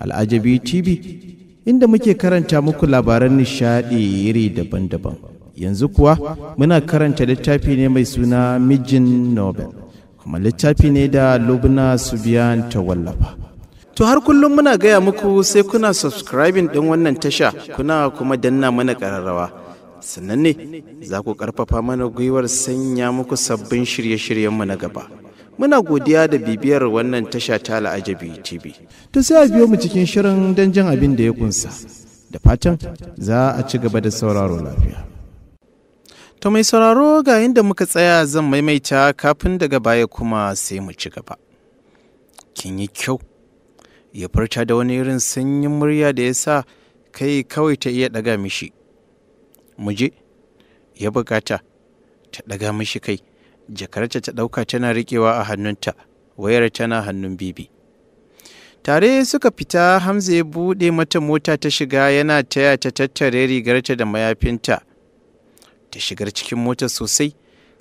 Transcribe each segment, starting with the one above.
Al'ajabi TV inda muke karanta muku labaran nishaɗi iri daban-daban. Yanzu kuwa muna karanta littafi ne mai suna Mijin Nobel, kuma littafi ne da Lubna Subiyan ta wallafa. To har kullum muna gaya muku sai kuna subscribing ɗin wannan tasha kuna kuma danna mana ƙararrawa. sannan ne za ku ƙarfafa mana gwiwar sanya muku sabbin shirye-shiryenmu na gaba. Muna godiya da bibiyar wannan tasha ta La'ajabi TV. To sai a biyo mu cikin shirin don jin abin da ya kunsa. Da fatan za a ci gaba da sauraro lafiya. To mai sauraro ga inda muka tsaya zan maimaita kafin daga baya kuma sai mu ci gaba. Kin yi kyau, ya furta da wani irin sanyin murya da ya sa kai kawai ta iya ɗaga mishi. mu je ya bukata ta daga mishi kai jakarta ta dauka tana rikewa a hannunta wayar tana hannun bibi tare suka fita hamza ya buɗe mata mota ta shiga yana taya ta tattare rigarta da mayafinta ta shigar cikin mota sosai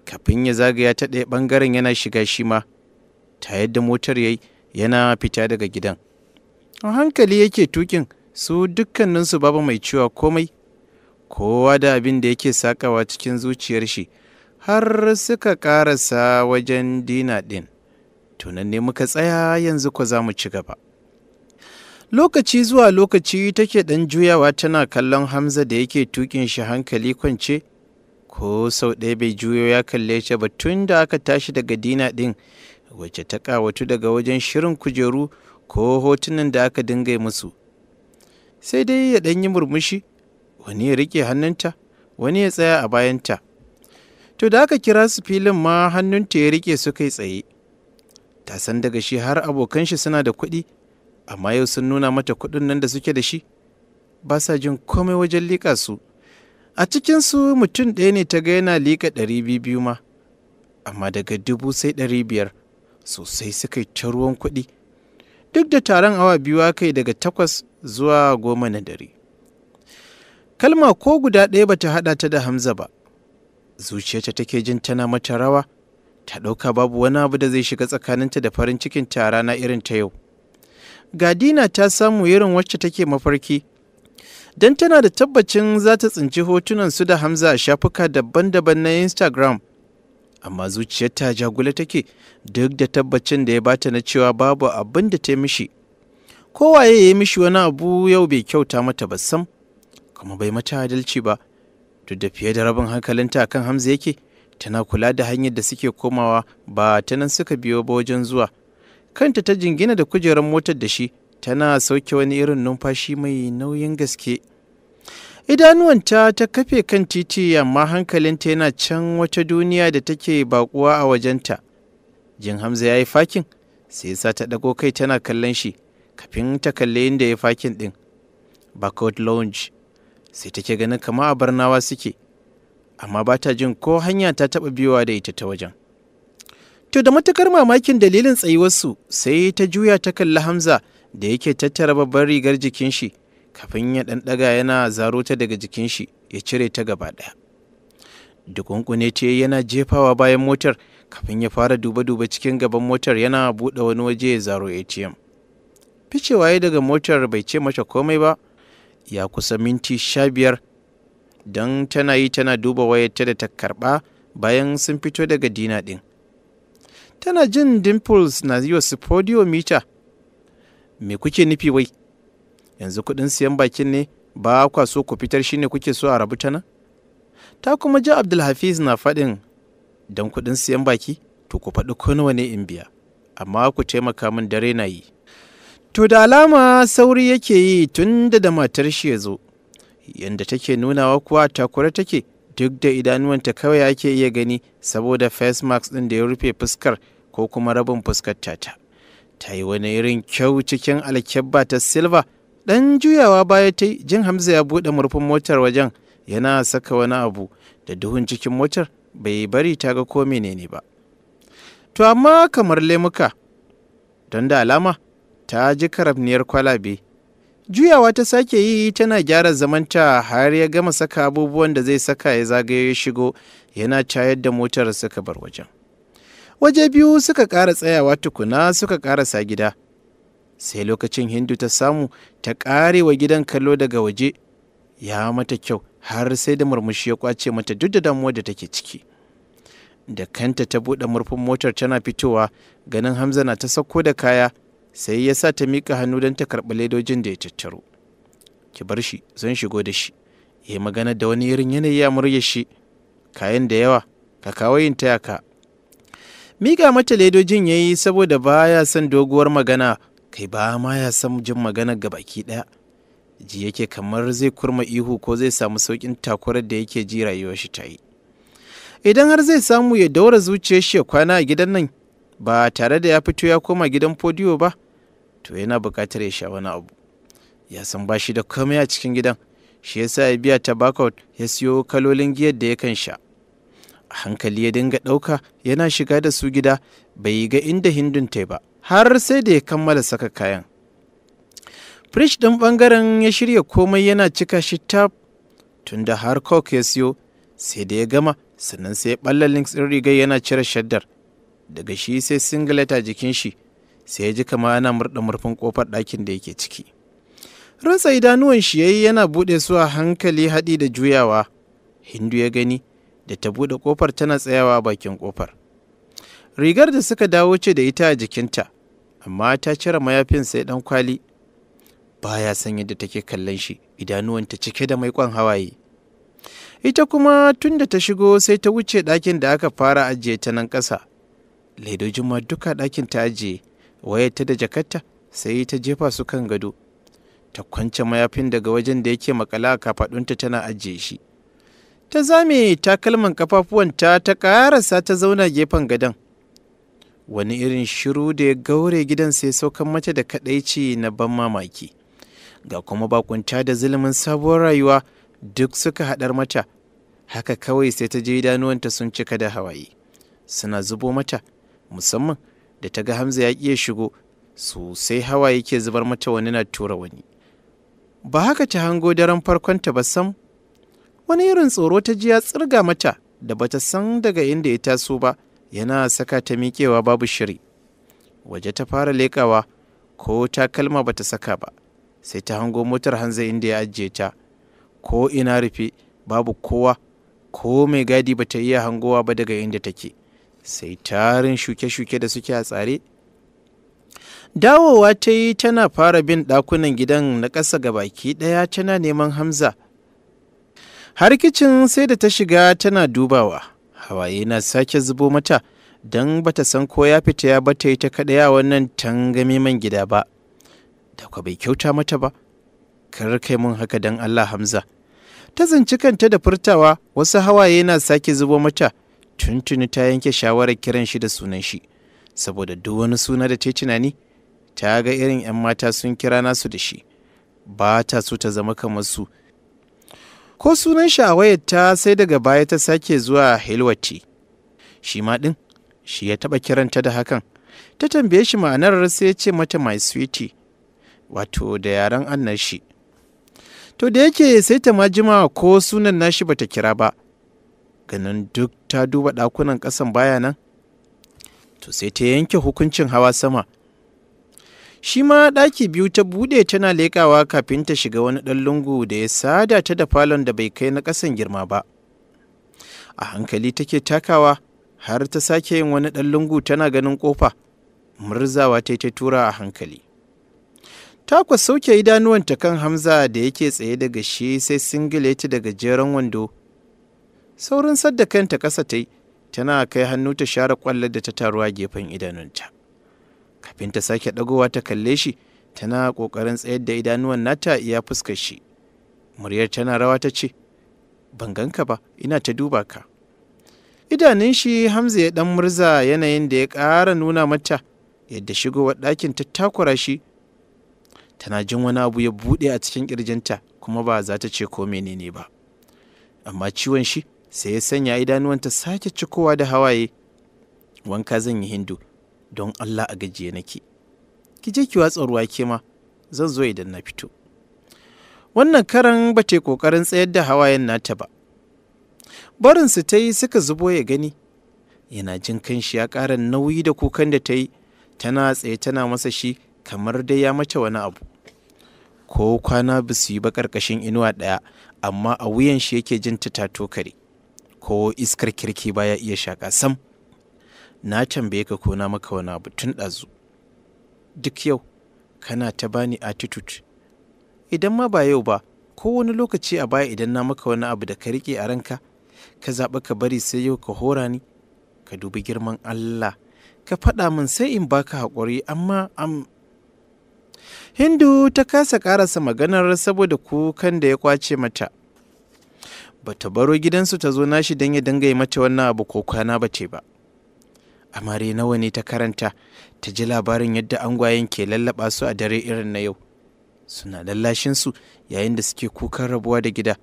kafin ya zagaya ta ɗaya ɓangaren yana shiga shi ma ta yadda motar yayi yana fita daga gidan a hankali yake tukin su dukkaninsu babu mai cewa komai kowa da abin da yake sakawa cikin zuciyar shi har suka karasa wajen dina ɗin tunan ne muka tsaya yanzu ko za mu ci gaba lokaci zuwa lokaci take ɗan juyawa tana kallon hamza da yake tukin shi hankali kwance ko sau ɗaya bai juyo ya kalle ta ba tun da aka tashi daga dina ɗin wacce ta ƙawatu daga wajen shirin kujeru ko hotunan da aka dinga musu sai dai ya ɗan yi murmushi wani ya rike hannunta wani ya tsaya a bayanta to da aka kira su filin ma hannunta ya rike su kai tsaye ta san daga shi har abokan shi suna da kuɗi amma yau sun nuna mata kuɗin nan da suke da shi ba sa jin komai wajen liƙa su a cikin su mutum ɗaya ne ta ga yana liƙa ɗari biyu ma amma daga dubu sai ɗari biyar sosai suka ta ruwan kuɗi duk da taron awa biyu aka yi daga takwas zuwa goma na dare kalma ko guda ɗaya ba ta haɗa ta da hamza ba zuciyarta take jin tana mata rawa ta ɗauka babu wani abu da zai shiga tsakaninta da farin cikin ta rana irin ta yau gadina ta samu irin wacce take mafarki don tana da tabbacin za ta tsinci hotunan su da hamza a shafuka daban-daban na instagram amma zuciyarta jagula take duk da tabbacin da ya bata na cewa babu abin da ta mishi kowaye ya yi mishi wani abu yau bai kyauta mata ba sam kuma bai mata adalci ba duk da fiye da rabin hankalinta kan hamza yake tana kula da hanyar da suke komawa ba ta nan suka biyo ba wajen zuwa kanta ta jingina da kujerar motar da shi tana sauke wani irin numfashi mai nauyin gaske idanuwanta ta kafe kan titi amma hankalinta yana can wata duniya da take bakuwa a wajenta jin hamza ya yi fakin sai sa ta ɗago kai tana kallon shi kafin ta kalle inda ya fakin ɗin backward lounge sai take ganin kama a barnawa suke amma ba ta jin ko hanya ta taɓa biyowa da ita ta wajen to da matukar mamakin dalilin tsayuwarsu sai ta juya ta kalli hamza da yake tattara babban rigar jikin shi kafin ya ɗanɗaga yana zaro ta daga jikin shi ya cire ta gaba ɗaya dukunkune ce yana jefawa bayan motar kafin ya fara duba-duba cikin gaban motar yana buɗe wani waje ya zaro atm ficewa ya daga motar bai ce mata komai ba ya kusa minti sha biyar don tana yi tana duba wayarta da ta karɓa bayan sun fito daga dina ɗin. Tana jin dimples na yi wasu mita. Me kuke nufi wai? Yanzu kuɗin siyan bakin ne ba kwa so ku fitar shi ne kuke so a rabu ta nan? Ta kuma ji Abdulhafiz na faɗin don kuɗin siyan baki to ku faɗi kuna nawa in biya amma ku taimaka min dare na yi. To da alama sauri yake yi tun da da matar shi ya zo, yadda take nunawa kuwa takura take duk da idanuwanta kawai ake iya gani saboda face mask ɗin da ya rufe fuskar ko kuma rabin fuskar tata. Ta yi wani irin kyau cikin alkyabba ta silva ɗan juyawa baya ta jin Hamza ya buɗe murfin motar wajen yana saka wani abu da duhun cikin motar bai bari ta ga ko menene ba. To amma kamar lemuka, don da alama ta ji karabniyar kwalabe juyawa ta sake yi tana gyara zamanta har ya gama saka abubuwan da zai saka ya zagaye ya shigo yana cayar da motar suka bar wajen waje biyu suka ƙara tsayawa tukuna suka sa gida sai lokacin hindu ta samu ta ƙare wa gidan kallo daga waje ya mata kyau har sai da murmushi ya kwace mata duk da damuwa da take ciki da kanta ta buɗe murfin motar tana fitowa ganin hamza na ta sauko da kaya sai ya sa ta miƙa hannu don ta karɓi ledojin da ya tattaru. ki bar shi zan shigo da shi ya magana da wani irin yanayi ya murya shi kayan da yawa ka kawo yin taya ka miƙa mata ledojin ya yi saboda ba ya san doguwar magana kai ba ma ya san jin magana ga baki ɗaya ji yake kamar zai kurma ihu ko zai samu sauƙin takurar da yake ji rayuwar shi ta yi idan har zai samu ya daura zuciyar shi ya kwana a gidan nan ba tare da ya fito ya koma gidan fodiyo ba to yana buƙatar ya sha wani abu ya san ba shi da komai a cikin gidan shi yasa ya biya tobacco ya siyo kalolin giyar da ya kan sha a hankali ya dinga ɗauka yana shiga da su gida bai yi ga inda hindun ta ba har sai da ya kammala saka kayan frish ɗin ɓangaren ya shirya komai yana cika shi tab tunda har coke ya siyo sai da ya gama sannan sai ya ɓalla links ɗin rigar yana cire shaddar daga shi sai singleta jikin shi sai ya ji kama yana murɗa murfin ƙofar ɗakin da yake ciki rantsa idanuwan shi yayi yana buɗe su a hankali haɗi da juyawa hindu ya gani da ta buɗe ƙofar tana tsayawa bakin ƙofar rigar da suka dawo ce da ita a jikinta amma ta cire mayafin sai ɗan kwali baya san yadda take kallon shi idanuwanta cike da mai kwan hawaye ita kuma tun da ta shigo sai ta wuce ɗakin da aka fara ajiye ta nan ƙasa Laidojin ma duka ɗakin ta ajiye wayarta da jakarta sai ta jefa su kan gado ta kwance mayafin daga wajen da yake makala a kafadunta tana ajiye shi ta zame takalman kafafuwanta ta ƙarasa ta zauna gefen gadon wani irin shiru da ya gaure gidan sai saukan mata da kadaici na ban mamaki ga kuma bakunta da zulumin sabuwar rayuwa duk suka haɗar mata haka kawai sai ta je idanuwanta sun cika da hawaye suna zubo mata musamman da ta ga hamza ya iya shigo sosai hawa yake zubar mata wani na tura wani ba haka ta hango daren farkonta ba sam wani irin tsoro ta ji ya tsirga mata da bata san daga inda ya taso ba yana saka ta miƙewa babu shiri waje ta fara leƙawa ko takalma bata saka ba sai ta hango motar hanza inda ya ajiye ta ko ina rufe babu kowa ko mai gadi bata iya hangowa ba daga inda take sai tarin shuke-shuke da suke a tsare dawowa ta yi tana fara bin ɗakunan gidan na ƙasa ga baki ɗaya tana neman hamza har kicin sai da ta shiga tana dubawa hawaye na sake zubo mata don bata san ko ya fita ya bata yi ta kaɗaya wannan tangami man gida ba da kwa bai kyauta mata ba kar kai mun haka don allah hamza ta zanci kanta da furtawa wasu hawaye na sake zubo mata tuntuni ta yanke shawarar kiran shi da sunan shi saboda duk wani suna da ta tunani ta ga irin 'yan mata sun kira nasu da shi ba ta so ta zama kamar su ko sunan shi a wayar ta sai daga baya ta sake zuwa hilwati shi ma ɗin shi ya taɓa kiranta da hakan ta tambaye shi ma'anar sai ya ce mata my sweetie wato da yaren annar shi to da yake sai ta ma jima ko sunan nashi bata kira ba ganin duk ta duba ɗakunan ƙasan baya nan to sai ta yanke hukuncin hawa sama shi ma ɗaki biyu ta buɗe tana leƙawa kafin ta shiga wani ɗan lungu da ya sada ta da falon da bai kai na ƙasan girma ba a hankali take takawa har ta sake yin wani ɗan lungu tana ganin ƙofa murzawa ta ta tura a hankali takwa sauke idanuwanta kan hamza da yake tsaye daga shi sai singileti daga jeren wando saurin sadda kanta kasa ta yi tana kai hannu ta share kwallo da ta taru a gefen idanunta kafin ta sake dagowa ta kalle shi tana ƙoƙarin tsayar da idanuwan nata iya fuskar shi muryar tana rawa ta ce ban ganka ba ina ta duba ka idanun shi hamza ya ɗan murza yanayin da ya ƙara nuna mata yadda shigowar ɗakin ta takura shi tana jin wani abu ya buɗe a cikin ƙirjinta kuma ba za ta ce ko menene ba amma ciwon shi sai ya sanya idanuwanta sake cikowa da hawaye wanka zan yi hindu don allah a gajiye nake ki je ki watsa ruwa ke ma zan zo idan na fito wannan karan ba ta kokarin tsayar da hawayen nata ba barinsu ta yi suka zubo ya gani yana jin kanshi ya ƙara nauyi da kukan da ta yi tana tsaye tana masa shi kamar dai ya mace wani abu ko kwana ba su yi ba ƙarƙashin inuwa ɗaya amma a wuyan shi yake jin ta tato kare ko iskar kirki baya iya shaƙa sam na tambaye ka ko na maka wani abu tun ɗazu duk yau kana ta bani attitude idan ma ba yau ba ko wani lokaci a baya idan na maka wani abu da ka riƙe a ranka ka zaɓa ka bari sai yau ka hora ni ka dubi girman Allah ka faɗa min sai in baka haƙuri amma am Hindu ta kasa ƙarasa maganar saboda kukan da ya kwace mata ba ta baro gidansu ta zo nashi don ya dinga yi mata wannan abu ko kwana ba ce ba amare nawa ne ta karanta ta ji labarin yadda angwayen ke lallaba su a dare irin na yau suna lallashin su yayin da suke kukan rabuwa da gida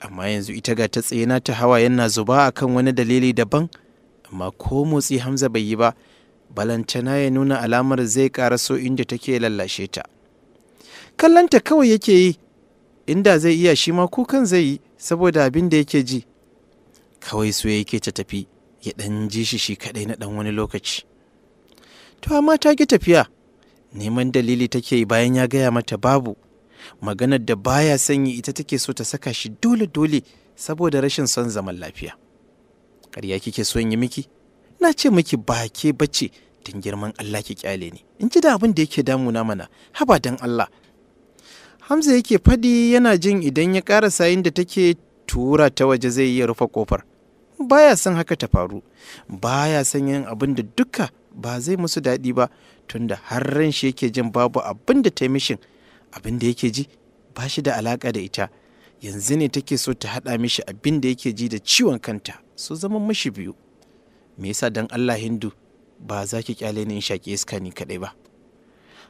amma yanzu ita ga ta tsaye ta hawa yana zuba a kan wani dalili daban amma ko motsi hamza bai yi ba balantana ya nuna alamar zai ƙara so inda take lallashe ta kallanta kawai yake yi inda zai iya shi ma kukan zai yi saboda abin da yake ji kawai so yake ta tafi ya ɗan ji shi shi kaɗai na ɗan wani lokaci to amma ta ki tafiya neman dalili take bayan ya gaya mata babu maganar da baya sanyi ita take so ta saka shi dole dole saboda rashin son zaman lafiya ƙarya kike son yi miki na ce miki ba ke bace don girman Allah ki kyale ne. in ji da abin da yake damuna mana haba don Allah Hamza yake faɗi yana jin idan ya ƙara sayin da take tura ta waje zai iya rufe kofar. Baya san haka ta faru, baya son yin abin da duka ba zai musu daɗi ba tunda har ran shi yake jin babu abin da ta mishin abin da yake ji ba shi da alaƙa da ita. yanzu ne take so ta haɗa mishi abin da yake ji da ciwon kanta su zaman mashi biyu me yasa dan Allah hindu ba za ki kyale ni in shaƙe iska ni kaɗai ba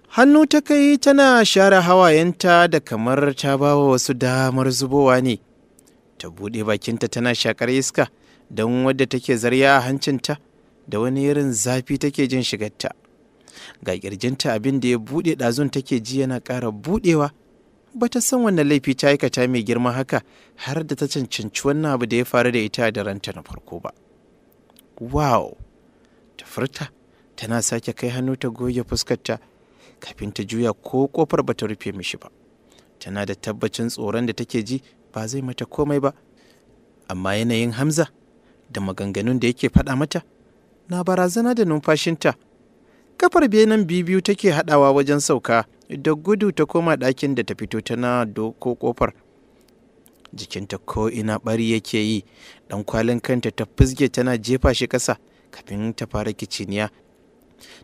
hannu ta kai tana share hawayenta da kamar ta bawa wasu damar zubowa ne ta buɗe bakinta tana shakar iska don wadda take zarya a hancinta da wani irin zafi take jin shigarta ga ƙirjinta abin da ya buɗe ɗazun take ji yana ƙara buɗewa Ba ta san wannan laifi ta aikata mai girma haka har da ta cancanci wannan abu da ya faru da ita da ranta na farko ba wow ta furta tana sake kai hannu ta goge fuskarta kafin ta juya ko kofar ba ta rufe mishi ba tana da tabbacin tsoron da take ji ba zai mata komai ba amma yanayin hamza da maganganun da yake faɗa mata na barazana da numfashinta kafar benin bibiyu take haɗawa wajen sauka da gudu ta koma ɗakin da ta fito tana doko kofar jikinta ko ina ɓari yake yi ɗan kwalin kanta ta fizge tana jefa shi ƙasa kafin ta fara kiciniya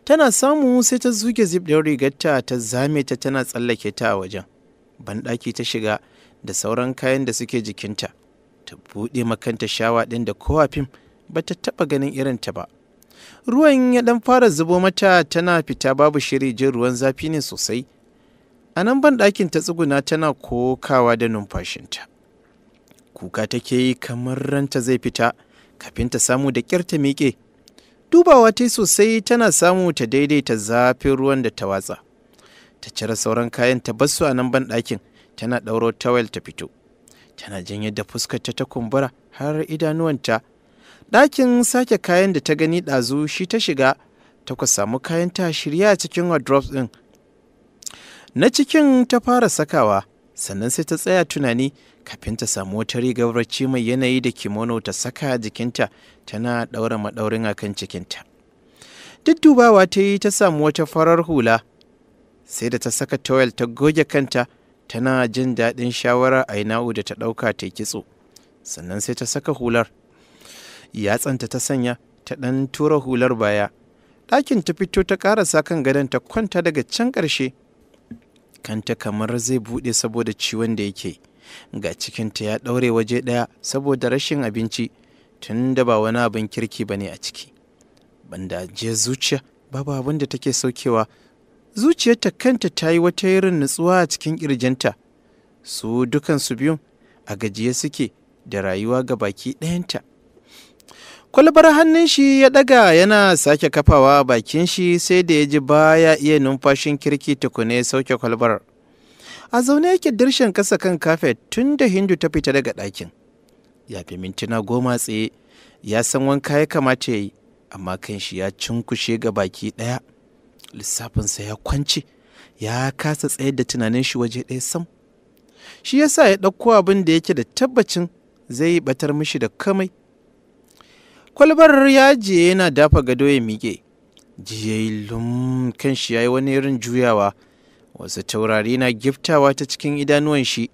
tana samu sai ta zuge zip ɗin rigarta ta zame ta tana tsallake ta a wajen banɗaki ta shiga da sauran kayan da suke jikinta ta buɗe makanta shawa ɗin da kowa fim ba ta taɓa ganin irin ta ba ruwan ya ɗan fara zubo mata tana fita babu shiri jin ruwan zafi ne sosai a nan banɗakin ta tsuguna tana kokawa da numfashinta kuka take yi kamar ranta zai fita kafin ta samu da ƙyar ta miƙe dubawa ta sosai tana samu ta daidaita zafin ruwan da ta watsa ta cire sauran kayan ta basu a nan banɗakin tana ɗauro tawel ta fito tana jin yadda fuskar ta ta kumbura har idanuwanta ɗakin sake kayan da ta gani ɗazu shi ta shiga ta ku samu kayan ta shirya a cikin wardrobe ɗin na cikin ta fara sakawa sannan sai ta tsaya tunani kafin ta samu wata rigar mai yanayi da kimono ta saka jikinta tana ɗaura maɗaurin akan cikinta dubawa ta yi ta samu wata farar hula sai da ta saka towel ta goge kanta tana jin daɗin shawara a ina'u da ta ɗauka ta kitso sannan sai ta saka hular yatsanta ta sanya ta ɗan tura hular baya ɗakin ta fito ta ƙarasa kan gadon ta kwanta daga can ƙarshe kanta kamar zai buɗe saboda ciwon da yake yi ga cikinta ya ɗaure waje ɗaya saboda rashin abinci tun da ba wani abin kirki ba ne a ciki banda je zuciya babu abin da take saukewa zuciyarta kanta ta yi wata irin nutsuwa a cikin ƙirjinta su dukansu biyun a gajiye suke da rayuwa ga baki ɗayanta kwalbar hannun shi ya ɗaga yana sake kafawa bakin shi sai da ya ji baya iya numfashin kirki tukune sauke kwalbar a zaune yake dirshen kasa kan kafet tun da hindu ta fita daga ɗakin ya fi mintuna goma tsaye ya san wanka ya kamata ya yi amma kan shi ya cunkushe ga baki ɗaya lissafinsa ya kwance ya kasa tsayar da tunanin shi waje ɗaya sam shi yasa ya ɗauko abin da yake da tabbacin zai yi batar mishi da kamai kwalbar je yana dafa gado ya miƙe jiyayi lum kan shi ya yi wani irin juyawa wasu taurari na giftawa ta cikin idanuwan shi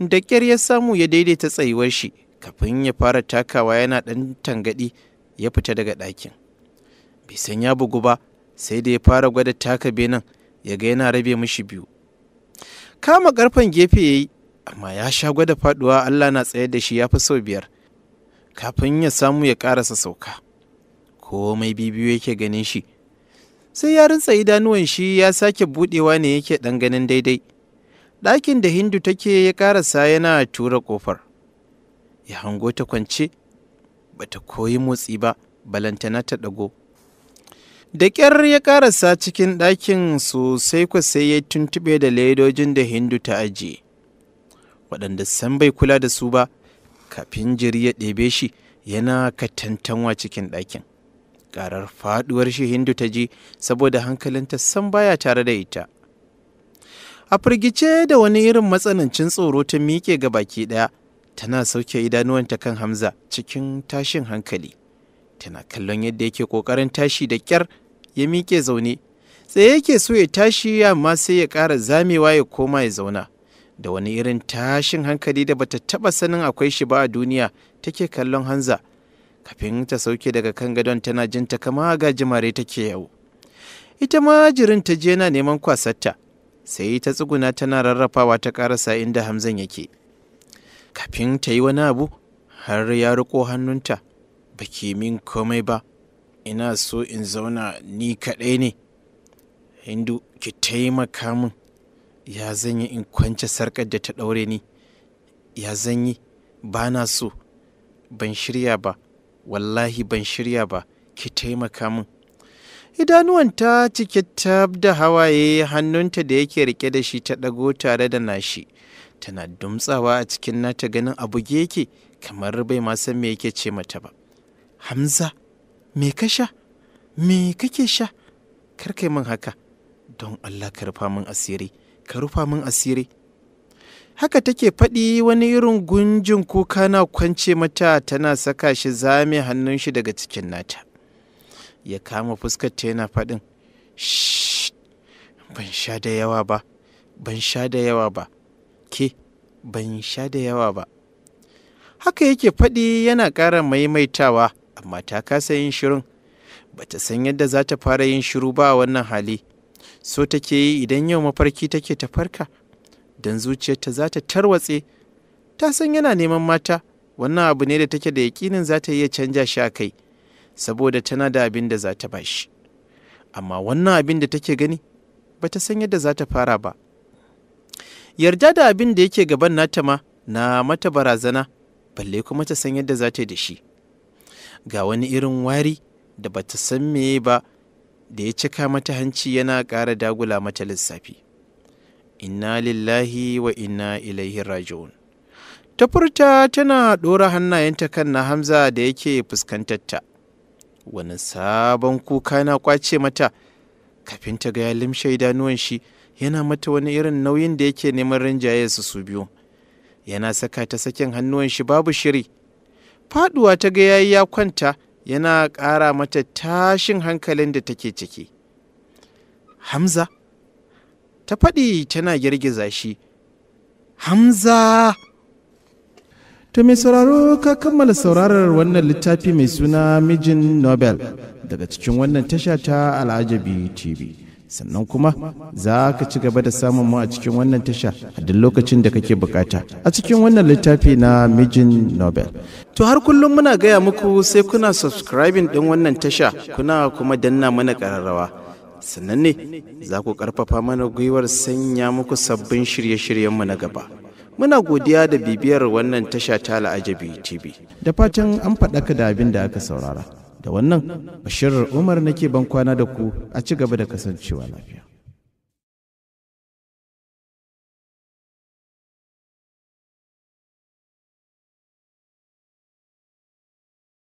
da ƙyar ya samu ya daidaita tsayuwar shi kafin ya fara takawa yana ɗan tangaɗi ya fita daga ɗakin bai san ya bugu ba sai da ya fara gwada taka benin ya ga yana rabe mishi biyu kama ƙarfen gefe ya yi amma ya sha gwada faɗuwa allah na tsayar da shi ya fi sau biyar kafin ya samu ya ƙarasa sauka komai bibiyu yake ganin shi sai ya rinsa idanuwan shi ya sake budewa ne yake dan ganin daidai ɗakin da hindu take ya karasa yana tura ƙofar. ya hango ta kwance ba ta koyi motsi ba balantana ta ɗago da ƙyar ya karasa cikin ɗakin sosai ku sai ya tuntuɓe da ledojin da hindu ta ajiye waɗanda san bai kula da su ba kafin jiri ya ɗebe shi yana katantanwa cikin ɗakin Karar faduwar shi Hindu ta ji saboda hankalinta san baya tare da ita. A firgice da wani irin matsanancin tsoro ta miƙe ga baki ɗaya, tana sauke idanuwanta kan Hamza cikin tashin hankali. Tana kallon yadda yake ƙoƙarin tashi da ƙyar ya miƙe zaune. Tsaye yake so ya tashi amma sai ya ƙara zamewa ya koma ya zauna. Da wani irin tashin hankali da bata taɓa sanin akwai shi ba a duniya take kallon Hamza. kafin ta sauke daga kan gadon tana jinta kama ga jimare take yau ita ma jirin ta je na neman kwasarta sai ta tsuguna tana rarrafawa ta karasa inda hamzan yake kafin ta yi wani abu har ya riko hannunta ba min komai ba ina so in zauna ni kaɗai ne hindu ki taimaka min ya zanyi in kwance sarƙar da ta ɗaure ni ya zanyi ba na so ban shirya ba wallahi ban shirya ba ki taimaka min ta cike tab da hawaye hannunta da yake rike da shi ta ɗago tare da nashi tana dumtsawa a cikin nata ganin abu buge yake kamar bai ma san me yake ce mata ba hamza me ka sha me kake sha kar kai min haka don allah ka rufa min asiri ka rufa min asiri haka take faɗi wani irin gunjin kuka na kwance mata tana saka shi zame hannun shi daga cikin nata ya kama fuskarta yana faɗin ban sha da yawa ba ban sha da yawa ba ke ban sha da yawa ba haka yake faɗi yana ƙara maimaitawa amma ta kasa yin shirin Ba ta san yadda za ta fara yin shiru ba a wannan hali so take yi idan yau mafarki take ta farka don zuciyarta za ta tarwatse ta san yana neman mata wannan abu ne da take da yakinin za ta iya canja shi a kai saboda tana da abin da za ta bashi amma wannan abin da take gani ba ta san yadda za ta fara ba yarda da abin da yake gaban nata ma na mata barazana balle kuma ta san yadda za ta yi da shi ga wani irin wari da ba ta san me ba da ya cika mata hanci yana ƙara dagula mata lissafi inna lillahi wa inna ilaihi raji'un ta furta tana ɗora hannayenta kan na hamza da yake fuskantarta wani sabon kuka na kwace mata kafin ta ga ya limshe idanuwan shi yana mata wani irin nauyin da yake neman rinjaye su su biyu yana saka ta sakin hannuwan shi babu shiri faduwa ta ga yayi ya kwanta yana ƙara mata tashin hankalin da take ciki hamza ta faɗi tana girgiza shi hamza to mai sauraro ka kammala saurarar wannan littafi mai suna mijin nobel daga cikin wannan tasha ta al'ajabi tv sannan kuma za ka ci gaba da samun mu a cikin wannan tasha a duk lokacin da kake bukata a cikin wannan littafi na mijin nobel to har kullum muna gaya muku sai kuna subscribing din wannan tasha kuna kuma danna mana kararrawa sannan ne za ku ƙarfafa mana gwiwar sanya muku sabbin shirye-shiryenmu na gaba. Muna godiya da bibiyar wannan tasha ta La'ajabi TV. Da fatan an faɗaka da abin da aka saurara. Da wannan, bashirar Umar nake ban kwana da ku a ci gaba da kasancewa lafiya.